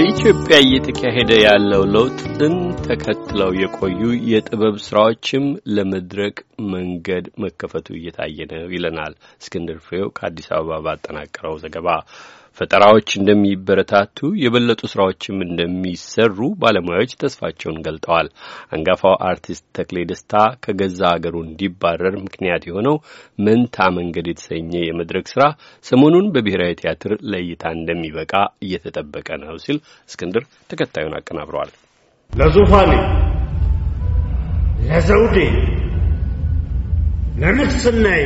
በኢትዮጵያ እየተካሄደ ያለው ለውጥን ተከትለው የቆዩ የጥበብ ስራዎችም ለመድረቅ መንገድ መከፈቱ እየታየ ነው ይለናል እስክንድር ፍሬው ከአዲስ አበባ ባጠናቀረው ዘገባ። ፈጠራዎች እንደሚበረታቱ የበለጡ ስራዎችም እንደሚሰሩ ባለሙያዎች ተስፋቸውን ገልጠዋል። አንጋፋው አርቲስት ተክሌ ደስታ ከገዛ አገሩ እንዲባረር ምክንያት የሆነው መንታ መንገድ የተሰኘ የመድረክ ስራ ሰሞኑን በብሔራዊ ቲያትር ለእይታ እንደሚበቃ እየተጠበቀ ነው ሲል እስክንድር ተከታዩን አቀናብረዋል። ለዙፋኔ፣ ለዘውዴ፣ ለንግስናዬ፣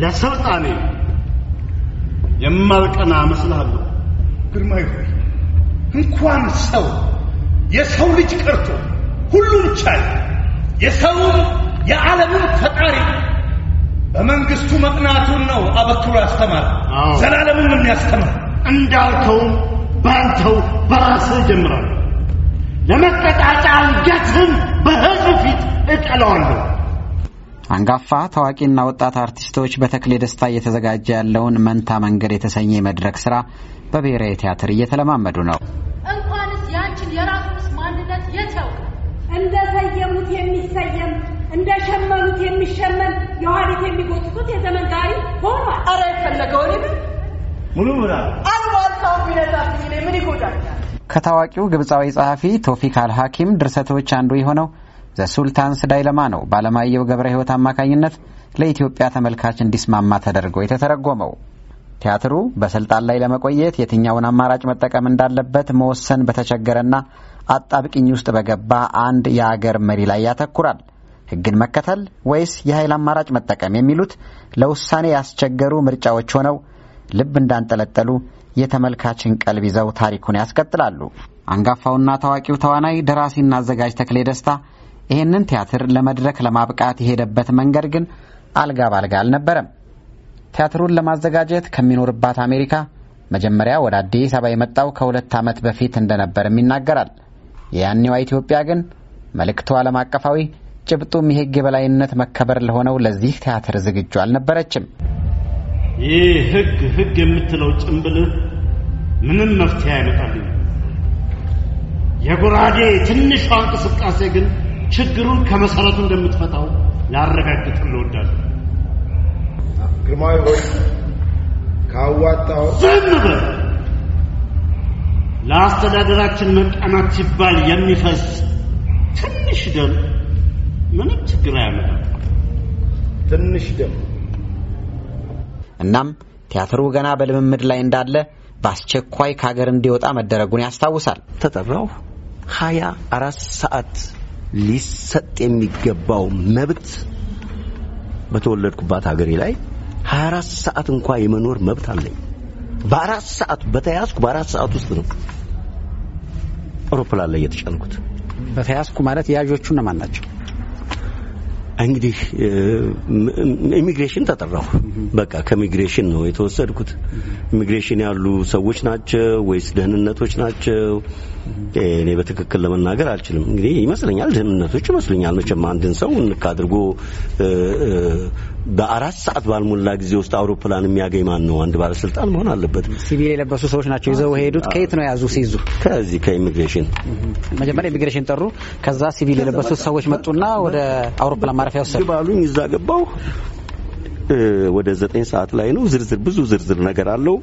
ለሰልጣኔ የማልቀና መስልሃለሁ ግርማዊ ሆይ እንኳን ሰው የሰው ልጅ ቀርቶ ሁሉም ቻይ የሰውን የዓለምን ፈጣሪ በመንግስቱ መቅናቱን ነው አበክሮ ያስተማር ዘላለምን ምን ያስተማር እንዳልከው ባንተው በራስህ ጀምራለሁ ለመቀጣጫ አንገትህን በህዝብ ፊት እቀለዋለሁ አንጋፋ ታዋቂና ወጣት አርቲስቶች በተክሌ ደስታ እየተዘጋጀ ያለውን መንታ መንገድ የተሰኘ መድረክ ስራ በብሔራዊ ቲያትር እየተለማመዱ ነው። እንኳንስ ያንቺን የራሱንስ ማንነት የተው ያውቃል? እንደ ሰየሙት የሚሰየም እንደ ሸመኑት የሚሸመን የኋሊት የሚጎትቱት የዘመን ጋሪ ሆኗል። አረ የፈለገው ኔ ሙሉ ሙላ አልባልታው ቢነዛ ምን ይጎዳል? ከታዋቂው ግብፃዊ ጸሐፊ ቶፊክ አልሐኪም ድርሰቶች አንዱ የሆነው ዘሱልታን ስዳይለማ ነው በአለማየሁ ገብረ ሕይወት አማካኝነት ለኢትዮጵያ ተመልካች እንዲስማማ ተደርጎ የተተረጎመው። ቲያትሩ በስልጣን ላይ ለመቆየት የትኛውን አማራጭ መጠቀም እንዳለበት መወሰን በተቸገረና አጣብቅኝ ውስጥ በገባ አንድ የአገር መሪ ላይ ያተኩራል። ሕግን መከተል ወይስ የኃይል አማራጭ መጠቀም የሚሉት ለውሳኔ ያስቸገሩ ምርጫዎች ሆነው ልብ እንዳንጠለጠሉ የተመልካችን ቀልብ ይዘው ታሪኩን ያስቀጥላሉ። አንጋፋውና ታዋቂው ተዋናይ ደራሲና አዘጋጅ ተክሌ ደስታ ይህንን ቲያትር ለመድረክ ለማብቃት የሄደበት መንገድ ግን አልጋ ባልጋ አልነበረም። ቲያትሩን ለማዘጋጀት ከሚኖርባት አሜሪካ መጀመሪያ ወደ አዲስ አበባ የመጣው ከሁለት ዓመት በፊት እንደነበርም ይናገራል። የያኔዋ ኢትዮጵያ ግን መልእክቱ ዓለም አቀፋዊ፣ ጭብጡም የሕግ የበላይነት መከበር ለሆነው ለዚህ ቲያትር ዝግጁ አልነበረችም። ይህ ሕግ ሕግ የምትለው ጭንብል ምንም መፍትሄ አይመጣልኝ። የጉራዴ ትንሿ እንቅስቃሴ ግን ችግሩን ከመሰረቱ እንደምትፈታው ላረጋግጥ ልወዳል። ግርማዊ ሆይ ካዋጣው ዝም በል። ለአስተዳደራችን መቀናት ሲባል የሚፈስ ትንሽ ደም ምንም ችግር አያመጣም። ትንሽ ደም። እናም ቲያትሩ ገና በልምምድ ላይ እንዳለ በአስቸኳይ ከሀገር እንዲወጣ መደረጉን ያስታውሳል። ተጠራው ሀያ አራት ሰዓት ሊሰጥ የሚገባው መብት በተወለድኩባት ሀገሬ ላይ 24 ሰዓት እንኳ የመኖር መብት አለኝ። በአራት ሰዓት በተያዝኩ በአራት ሰዓት ውስጥ ነው አውሮፕላን ላይ የተጫንኩት። በተያዝኩ ማለት የያዦቹ እነማን ናቸው? እንግዲህ ኢሚግሬሽን ተጠራሁ። በቃ ከኢሚግሬሽን ነው የተወሰድኩት። ኢሚግሬሽን ያሉ ሰዎች ናቸው ወይስ ደህንነቶች ናቸው? እኔ በትክክል ለመናገር አልችልም። እንግዲህ ይመስለኛል ደህንነቶች ይመስለኛል። መቼም አንድን ሰው እንካ አድርጎ በአራት ሰዓት ባልሞላ ጊዜ ውስጥ አውሮፕላን የሚያገኝ ማን ነው? አንድ ባለስልጣን መሆን አለበት። ሲቪል የለበሱ ሰዎች ናቸው ይዘው ሄዱት። ከየት ነው የያዙ? ሲይዙ ከዚህ ከኢሚግሬሽን መጀመሪያ ኢሚግሬሽን ጠሩ። ከዛ ሲቪል የለበሱ ሰዎች መጡና ወደ አውሮፕላን ማረፊያ ወሰዱ ባሉኝ እዛ ገባው። ወደ ዘጠኝ ሰዓት ላይ ነው። ዝርዝር ብዙ ዝርዝር ነገር አለው።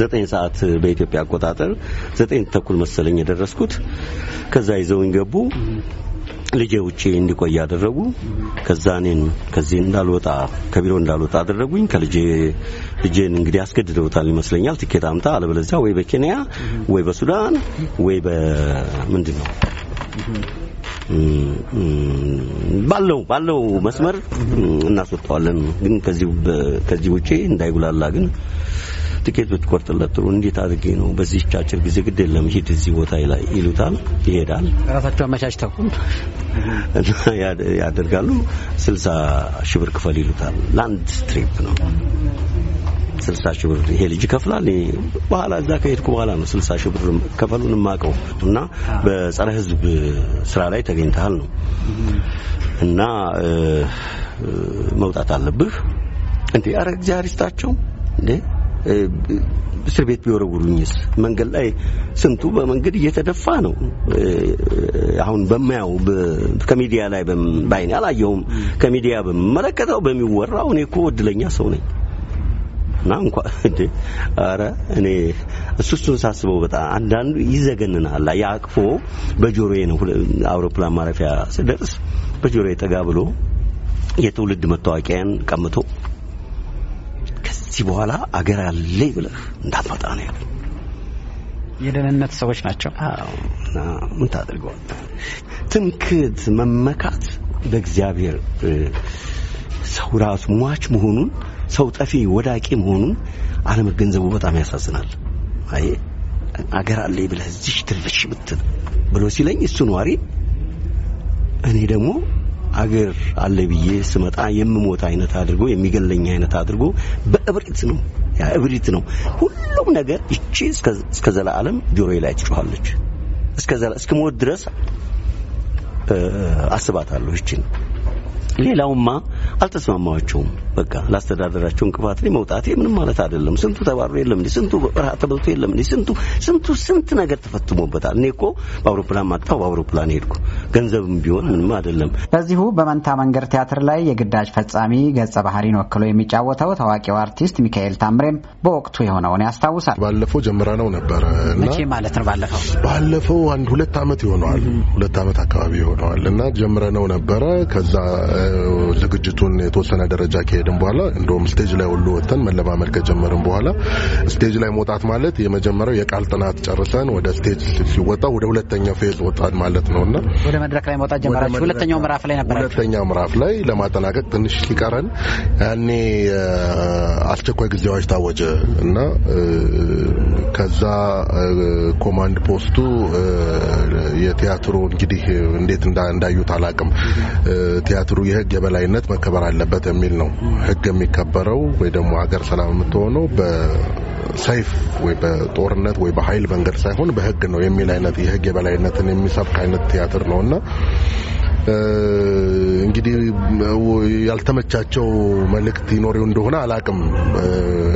ዘጠኝ ሰዓት በኢትዮጵያ አቆጣጠር ዘጠኝ ተኩል መሰለኝ የደረስኩት። ከዛ ይዘውኝ ገቡ። ልጄ ውጪ እንዲቆይ አደረጉ። ከዛ እኔን ከዚህ እንዳልወጣ ከቢሮ እንዳልወጣ አደረጉኝ። ከልጄ ልጄን እንግዲህ አስገድደውታል ይመስለኛል። ትኬት አምጣ አለበለዚያ ወይ በኬንያ ወይ በሱዳን ወይ በምንድን ነው ባለው ባለው መስመር እናስወጣዋለን፣ ግን ከዚህ ከዚህ ውጪ እንዳይጉላላ ግን ትኬት ብትቆርጥለት ጥሩ እንዴት አድርጌ ነው በዚህ አጭር ጊዜ ግድ የለም ሂድ እዚህ ቦታ ላይ ይሉታል። ይሄዳል። ራሳቸው አመቻችተው ያደርጋሉ። ስልሳ ሺህ ብር ክፈል ይሉታል። ላንድ ትሪፕ ነው ስልሳ ሺህ ብር ይሄ ልጅ ይከፍላል። በኋላ እዛ ከሄድኩ በኋላ ነው ስልሳ ሺህ ብር ከፈሉን ማቀው እና በጸረ ህዝብ ስራ ላይ ተገኝተሃል ነው እና መውጣት አለብህ እንዴ! አረ እግዚአብሔር ይስጣቸው እንዴ! እስር ቤት ቢወረውሩኝስ? መንገድ ላይ ስንቱ በመንገድ እየተደፋ ነው። አሁን በማያው ከሚዲያ ላይ በአይኔ አላየውም፣ ከሚዲያ በምመለከተው በሚወራው እኔ እኮ እድለኛ ሰው ነኝ እና እንኳን እንደ ኧረ እኔ እሱ እሱን ሳስበው በጣም አንዳንዱ ይዘገንናል። ያቅፎ በጆሮዬ ነው አውሮፕላን ማረፊያ ስደርስ በጆሮዬ ጠጋ ብሎ የትውልድ መታወቂያን ቀምቶ ከዚህ በኋላ አገር አለ ብለህ እንዳትመጣ ነው ያሉ። የደህንነት ሰዎች ናቸው። ምን ታደርገዋል? ትምክት መመካት በእግዚአብሔር ሰው ራሱ ሟች መሆኑን ሰው ጠፊ ወዳቂ መሆኑን አለመገንዘቡ በጣም ያሳዝናል። አይ አገር አለ ብለህ እዚህ ትልፍሽ ብትል ብሎ ሲለኝ እሱ ነዋሪ እኔ ደግሞ አገር አለ ብዬ ስመጣ የምሞት አይነት አድርጎ የሚገለኝ አይነት አድርጎ በእብሪት ነው ያ እብሪት ነው ሁሉም ነገር። እቺ እስከ ዘላለም ጆሮ ላይ ትጮሃለች። እስከ ዘላ እስከ ሞት ድረስ አስባታለሁ እቺን ሌላውማ አልተስማማቸውም። በቃ ላስተዳደራቸው እንቅፋት ላይ መውጣቴ ምንም ማለት አይደለም። ስንቱ ተባሮ የለም እንዴ? ስንቱ ረሃብ ተበልቶ የለም እንዴ? ስንቱ ስንቱ ስንት ነገር ተፈትሞበታል። እኔ እኮ በአውሮፕላን ማጣው በአውሮፕላን ሄድኩ። ገንዘብም ቢሆን ምንም አይደለም። በዚሁ በመንታ መንገድ ቲያትር ላይ የግዳጅ ፈጻሚ ገጸ ባህሪን ወክሎ የሚጫወተው ታዋቂው አርቲስት ሚካኤል ታምሬም በወቅቱ የሆነውን ያስታውሳል። ባለፈው ጀምራ ነው ነበረ መቼ ማለት ነው? ባለፈው ባለፈው አንድ ሁለት አመት ይሆነዋል፣ ሁለት አመት አካባቢ ይሆነዋል እና ጀምረ ነው ነበረ ከዛ ዝግጅ ዝግጅቱን የተወሰነ ደረጃ ከሄድን በኋላ እንደውም ስቴጅ ላይ ሁሉ ወጥተን መለማመድ ከጀመርን በኋላ ስቴጅ ላይ መውጣት ማለት የመጀመሪያው የቃል ጥናት ጨርሰን ወደ ስቴጅ ሲወጣ ወደ ሁለተኛው ፌዝ ወጣን ማለት እና ወደ መድረክ ላይ መውጣት ጀመራችሁ። ሁለተኛው ምዕራፍ ላይ ነበር። ሁለተኛው ምዕራፍ ላይ ለማጠናቀቅ ትንሽ ሲቀረን ያኔ አስቸኳይ ጊዜ አዋጅ ታወጀ እና ከዛ ኮማንድ ፖስቱ የቲያትሩ እንግዲህ እንዴት እንዳዩት አላቅም ቲያትሩ የህግ የበላይነት መከበር አለበት የሚል ነው። ህግ የሚከበረው ወይ ደግሞ ሀገር ሰላም የምትሆነው በሰይፍ ወይ በጦርነት ወይ በኃይል መንገድ ሳይሆን በህግ ነው የሚል አይነት የህግ የበላይነትን የሚሰብክ አይነት ቲያትር ነው እና እንግዲህ ያልተመቻቸው መልእክት ይኖረው እንደሆነ አላቅም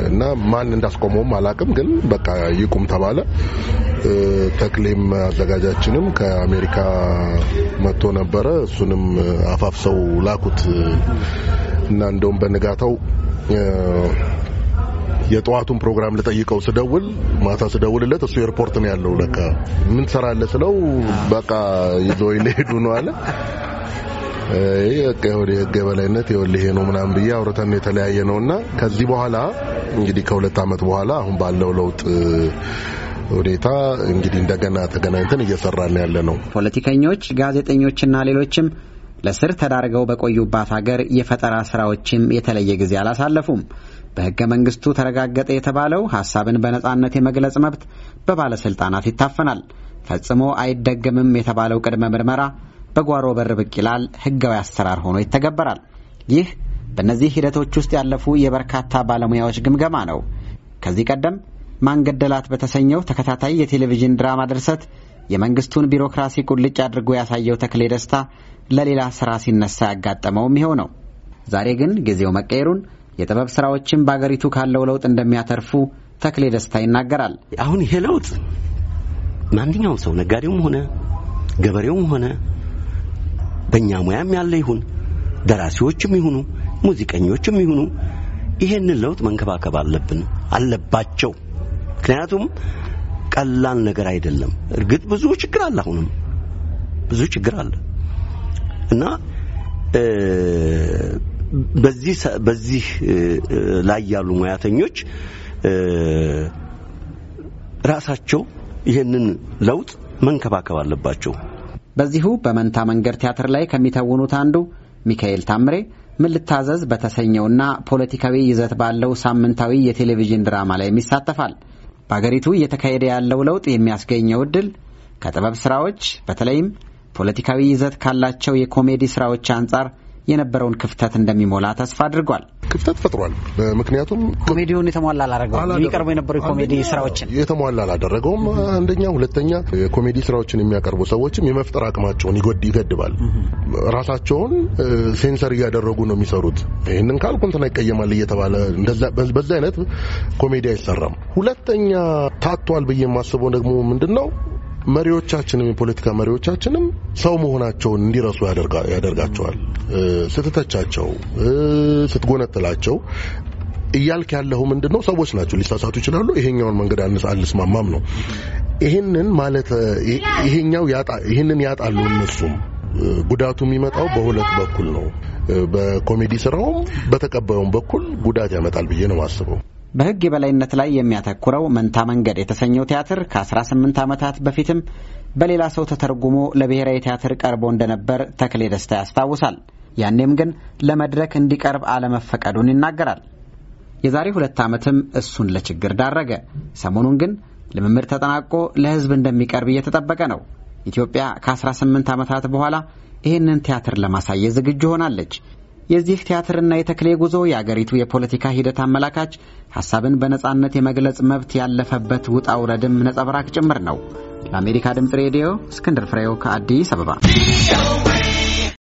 እና ማን እንዳስቆመውም አላቅም። ግን በቃ ይቁም ተባለ። ተክሌም አዘጋጃችንም ከአሜሪካ መጥቶ ነበረ። እሱንም አፋፍሰው ላኩት እና እንደውም በንጋታው የጠዋቱን ፕሮግራም ልጠይቀው ስደውል ማታ ስደውልለት እሱ ኤርፖርት ነው ያለው። ለካ ምን ትሰራለህ ስለው በቃ ይዞ ሊሄዱ ነው አለ። ይህ ወደ የበላይነት ነው ምናምን ብዬ አውርተን የተለያየ ነው እና ከዚህ በኋላ እንግዲህ ከሁለት ዓመት በኋላ አሁን ባለው ለውጥ ሁኔታ እንግዲህ እንደገና ተገናኝተን እየሰራን ያለ ነው። ፖለቲከኞች፣ ጋዜጠኞችና ሌሎችም ለስር ተዳርገው በቆዩባት ሀገር የፈጠራ ስራዎችም የተለየ ጊዜ አላሳለፉም። በሕገ መንግስቱ ተረጋገጠ የተባለው ሀሳብን በነጻነት የመግለጽ መብት በባለሥልጣናት ይታፈናል። ፈጽሞ አይደገምም የተባለው ቅድመ ምርመራ በጓሮ በር ብቅ ይላል፣ ሕጋዊ አሰራር ሆኖ ይተገበራል። ይህ በእነዚህ ሂደቶች ውስጥ ያለፉ የበርካታ ባለሙያዎች ግምገማ ነው። ከዚህ ቀደም ማንገደላት በተሰኘው ተከታታይ የቴሌቪዥን ድራማ ድርሰት የመንግስቱን ቢሮክራሲ ቁልጭ አድርጎ ያሳየው ተክሌ ደስታ ለሌላ ስራ ሲነሳ ያጋጠመውም ይኸው ነው። ዛሬ ግን ጊዜው መቀየሩን የጥበብ ስራዎችም በአገሪቱ ካለው ለውጥ እንደሚያተርፉ ተክሌ ደስታ ይናገራል። አሁን ይሄ ለውጥ ማንኛውም ሰው ነጋዴውም ሆነ ገበሬውም ሆነ በእኛ ሙያም ያለ ይሁን ደራሲዎችም ይሁኑ ሙዚቀኞችም ይሁኑ ይሄንን ለውጥ መንከባከብ አለብን አለባቸው። ምክንያቱም ቀላል ነገር አይደለም። እርግጥ ብዙ ችግር አለ፣ አሁንም ብዙ ችግር አለ እና በዚህ በዚህ ላይ ያሉ ሙያተኞች ራሳቸው ይህንን ለውጥ መንከባከብ አለባቸው። በዚሁ በመንታ መንገድ ቲያትር ላይ ከሚተውኑት አንዱ ሚካኤል ታምሬ ምን ልታዘዝ በተሰኘውና ፖለቲካዊ ይዘት ባለው ሳምንታዊ የቴሌቪዥን ድራማ ላይም ይሳተፋል። በአገሪቱ እየተካሄደ ያለው ለውጥ የሚያስገኘው እድል ከጥበብ ስራዎች በተለይም ፖለቲካዊ ይዘት ካላቸው የኮሜዲ ስራዎች አንጻር የነበረውን ክፍተት እንደሚሞላ ተስፋ አድርጓል። ክፍተት ፈጥሯል። ምክንያቱም ኮሜዲውን የተሟላ አላደረገውም። የሚቀርቡ የነበሩ ኮሜዲ ስራዎችን የተሟላ አላደረገውም። አንደኛ፣ ሁለተኛ የኮሜዲ ስራዎችን የሚያቀርቡ ሰዎችም የመፍጠር አቅማቸውን ይገድባል። ራሳቸውን ሴንሰር እያደረጉ ነው የሚሰሩት። ይህንን ካልኩ እንትና ይቀየማል እየተባለ በዛ አይነት ኮሜዲ አይሰራም። ሁለተኛ ታቷል ብዬ የማስበው ደግሞ ምንድን ነው መሪዎቻችንም የፖለቲካ መሪዎቻችንም ሰው መሆናቸውን እንዲረሱ ያደርጋቸዋል። ስትተቻቸው፣ ስትጎነትላቸው እያልክ ያለሁ ምንድን ነው? ሰዎች ናቸው፣ ሊሳሳቱ ይችላሉ። ይሄኛውን መንገድ አልስማማም ነው። ይሄንን ማለት ይሄኛው ያጣ ይሄንን ያጣሉ እነሱም ጉዳቱ የሚመጣው በሁለት በኩል ነው። በኮሜዲ ስራውም በተቀባዩም በኩል ጉዳት ያመጣል ብዬ ነው የማስበው። በሕግ የበላይነት ላይ የሚያተኩረው መንታ መንገድ የተሰኘው ቲያትር ከ18 ዓመታት በፊትም በሌላ ሰው ተተርጉሞ ለብሔራዊ ቲያትር ቀርቦ እንደነበር ተክሌ ደስታ ያስታውሳል። ያኔም ግን ለመድረክ እንዲቀርብ አለመፈቀዱን ይናገራል። የዛሬ ሁለት ዓመትም እሱን ለችግር ዳረገ። ሰሞኑን ግን ልምምድ ተጠናቆ ለሕዝብ እንደሚቀርብ እየተጠበቀ ነው። ኢትዮጵያ ከ18 ዓመታት በኋላ ይህንን ቲያትር ለማሳየት ዝግጁ ሆናለች። የዚህ ቲያትርና የተክሌ ጉዞ የአገሪቱ የፖለቲካ ሂደት አመላካች፣ ሐሳብን በነጻነት የመግለጽ መብት ያለፈበት ውጣ ውረድም ነጸብራቅ ጭምር ነው። ለአሜሪካ ድምፅ ሬዲዮ እስክንድር ፍሬው ከአዲስ አበባ